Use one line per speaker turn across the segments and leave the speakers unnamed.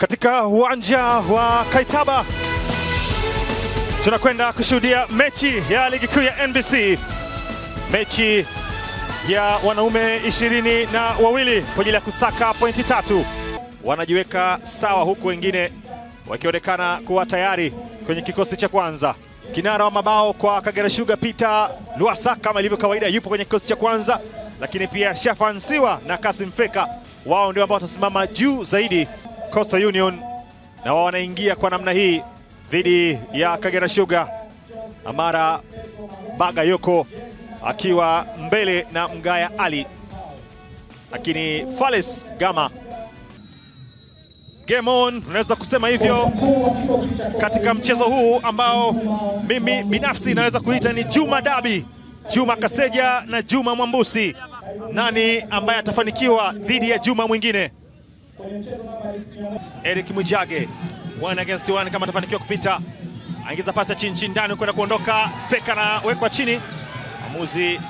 katika uwanja wa Kaitaba tunakwenda kushuhudia mechi ya ligi kuu ya NBC, mechi ya wanaume ishirini na wawili kwa ajili ya kusaka pointi tatu. Wanajiweka sawa huku wengine wakionekana kuwa tayari kwenye kikosi cha kwanza. Kinara wa mabao kwa Kagera Sugar Peter Luasa, kama ilivyo kawaida, yupo kwenye kikosi cha kwanza, lakini pia Shafan Siwa na Kasim Feka, wao ndio ambao watasimama juu zaidi. Coastal Union na wao wanaingia kwa namna hii dhidi ya Kagera Sugar. Amara Bagayoko akiwa mbele na Mgaya Ali, lakini Fales Gama Game on, unaweza kusema hivyo katika mchezo huu ambao mimi binafsi naweza kuita ni Juma Dabi, Juma Kaseja na Juma Mwambusi. Nani ambaye atafanikiwa dhidi ya Juma mwingine? Eric mujage one against one, kama atafanikiwa kupita, aingiza pasi ya chini chini ndani kwenda kuondoka, peka na wekwa chini. Mwamuzi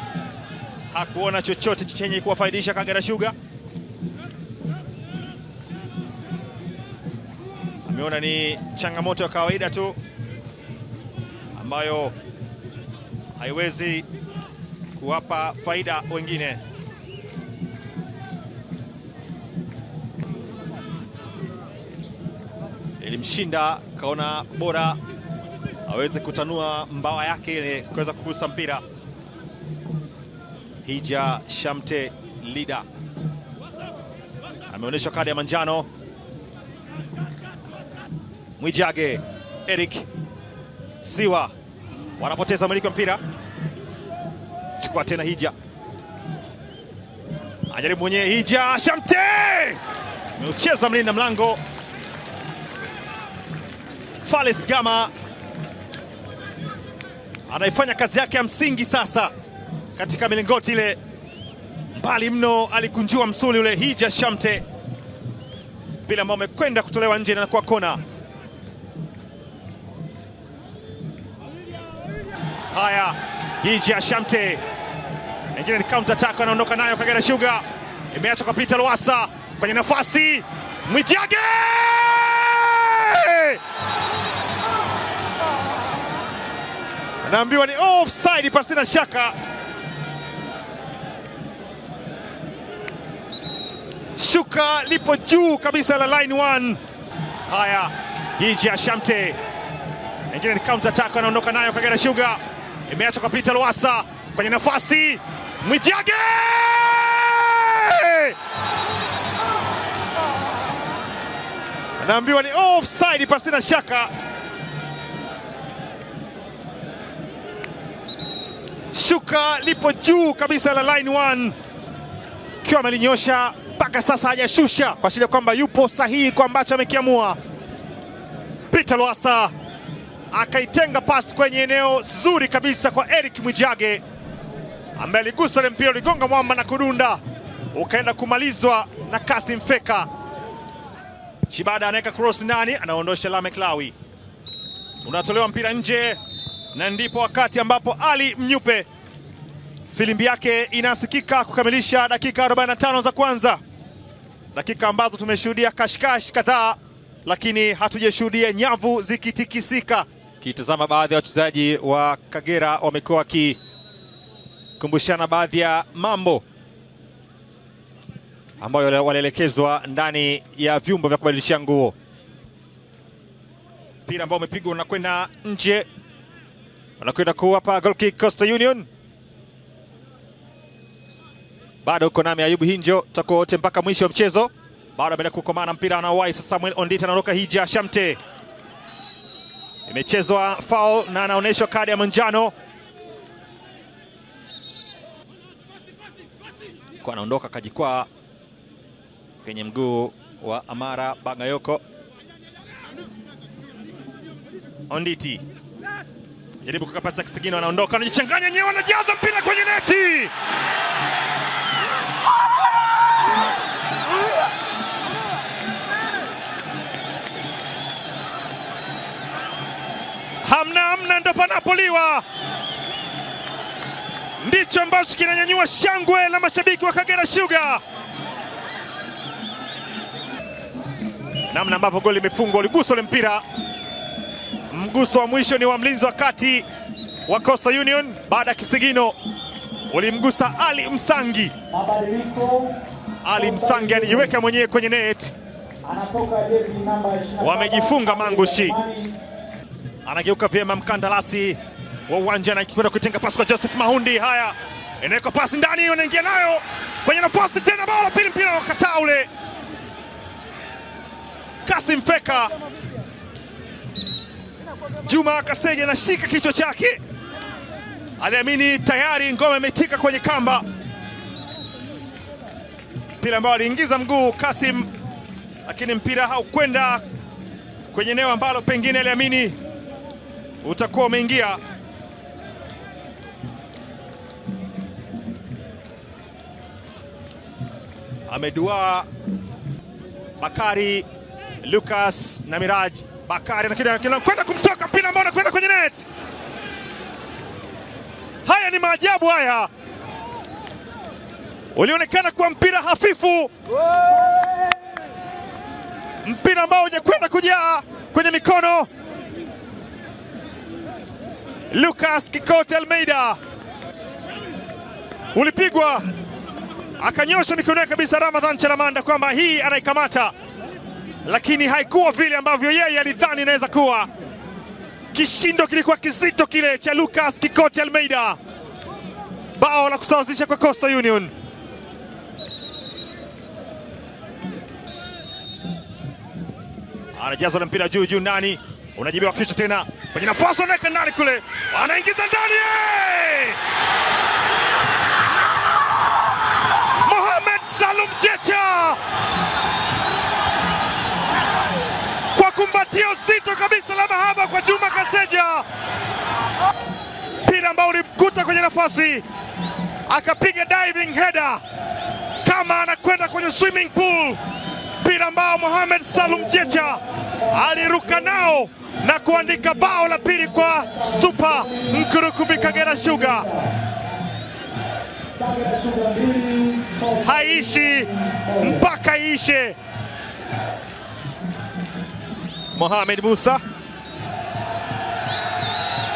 hakuona chochote chenye kuwafaidisha Kagera Sugar, ameona ni changamoto ya kawaida tu ambayo haiwezi kuwapa faida wengine. ilimshinda, kaona bora aweze kutanua mbawa yake ile kuweza kugusa mpira. Hija Shamte Lida ameonyeshwa kadi ya manjano. Mwijage Eric Siwa wanapoteza mwiliki wa mpira, chukua tena Hija ajaribu mwenyewe. Hija Shamte meucheza mlinda mlango. Fales Gama anaifanya kazi yake ya msingi sasa katika milingoti ile mbali mno, alikunjua msuli ule Hija Shamte, mpira ambao umekwenda kutolewa nje na kuwa kona. Haya, Hija Shamte ingine ni counter attack, anaondoka nayo Kagera Sugar, imeacha Peter Lwasa kwenye nafasi Mwijage naambiwa ni offside pasi na shaka. Shuka lipo juu kabisa la line one. Haya, Yiji Ashamte ingine ni counter attack, anaondoka nayo Kagera Sugar, imeacha kapita Lwasa kwenye nafasi Mwijage anaambiwa ni offside pasi na shaka. shuka lipo juu kabisa la line one, ikiwa amelinyosha mpaka sasa hajashusha, kuashiria kwamba yupo sahihi kwa ambacho amekiamua. Peter Lwasa akaitenga pasi kwenye eneo zuri kabisa kwa Eric Mwijage ambaye aligusa ile mpira, uligonga mwamba na kudunda, ukaenda kumalizwa na Kasim Feka. Chibada anaweka cross ndani, anaondosha Klawi, unatolewa mpira nje na ndipo wakati ambapo Ali Mnyupe filimbi yake inasikika kukamilisha dakika 45 za kwanza, dakika ambazo tumeshuhudia kashkash kadhaa, lakini hatujashuhudia nyavu zikitikisika. Kitazama baadhi ya wachezaji wa Kagera wamekuwa wakikumbushana baadhi ya mambo ambayo walielekezwa ndani ya vyumba vya kubadilishia nguo. Mpira ambao umepigwa unakwenda nje wanakwenda kuwapa goal kick Coastal Union. Bado uko nami Ayubu Hinjo, tutakuwa wote mpaka mwisho wa mchezo. Bado ameenda kukomana mpira anaowai sasa, Samuel Ondita anaondoka Hija Shamte, imechezwa foul na anaonyeshwa kadi ya manjano kwa anaondoka kajikwaa kwenye mguu wa Amara Bagayoko Onditi jaribu kukapasa pasi ya kisigino, anaondoka, anajichanganya wenyewe, anajaza mpira kwenye neti. Hamna hamna, ndo panapoliwa ndicho ambacho kinanyanyua shangwe la mashabiki wa Kagera Sugar. Namna ambapo goli limefungwa, uligusa ule mpira Mguso wa mwisho ni wa mlinzi wa kati wa Coastal Union baada ya kisigino ulimgusa Ali Msangi. Ali Msangi anajiweka mwenyewe kwenye net, wamejifunga Mangushi. Anageuka vyema mkandarasi wa uwanja na kikwenda kuitenga pasi kwa Joseph Mahundi. Haya, inawekwa pasi ndani, anaingia nayo kwenye nafasi tena, bao la pili, mpira wa ule Kasim Feka Juma Kaseja anashika kichwa chake, aliamini tayari ngome imetika kwenye kamba, mpira ambao aliingiza mguu Kasim, lakini mpira haukwenda kwenye eneo ambalo pengine aliamini utakuwa umeingia. Amedua Bakari Lucas na Miraji Bakari anakwenda kumtoka mpira ambao anakwenda kwenye net. Haya ni maajabu haya, ulionekana kuwa mpira hafifu, mpira ambao hujakwenda kujaa kwenye mikono. Lucas Kikoti Almeida ulipigwa, akanyosha mikono yake kabisa Ramadhan Chalamanda kwamba hii anaikamata lakini haikuwa vile ambavyo yeye alidhani inaweza kuwa. Kishindo kilikuwa kizito kile cha Lucas Kikoti Almeida, bao la kusawazisha kwa Costa Union. anajaza na mpira juu juu, ndani unajibiwa kichwa tena kwenye nafasi, anaweka ndani kule, anaingiza ndani Mohamed Salum Jecha Kumbatio zito kabisa la mahaba kwa Juma Kaseja, mpira ambao ulimkuta kwenye nafasi, akapiga diving header kama anakwenda kwenye swimming pool, mpira ambao Mohamed Salum Jecha aliruka nao na kuandika bao la pili kwa Super Nkurukumbi Kagera Sugar. Haishi mpaka iishe. Mohamed Musa.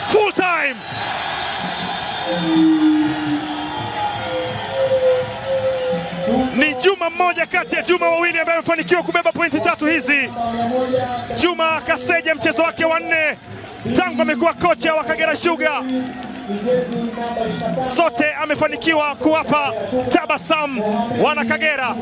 Full time! Ni Juma mmoja kati ya Juma wawili ambaye amefanikiwa kubeba pointi tatu hizi. Juma Kaseja mchezo wake wa nne tangu amekuwa kocha wa Kagera Sugar sote amefanikiwa kuwapa tabasamu wana Kagera.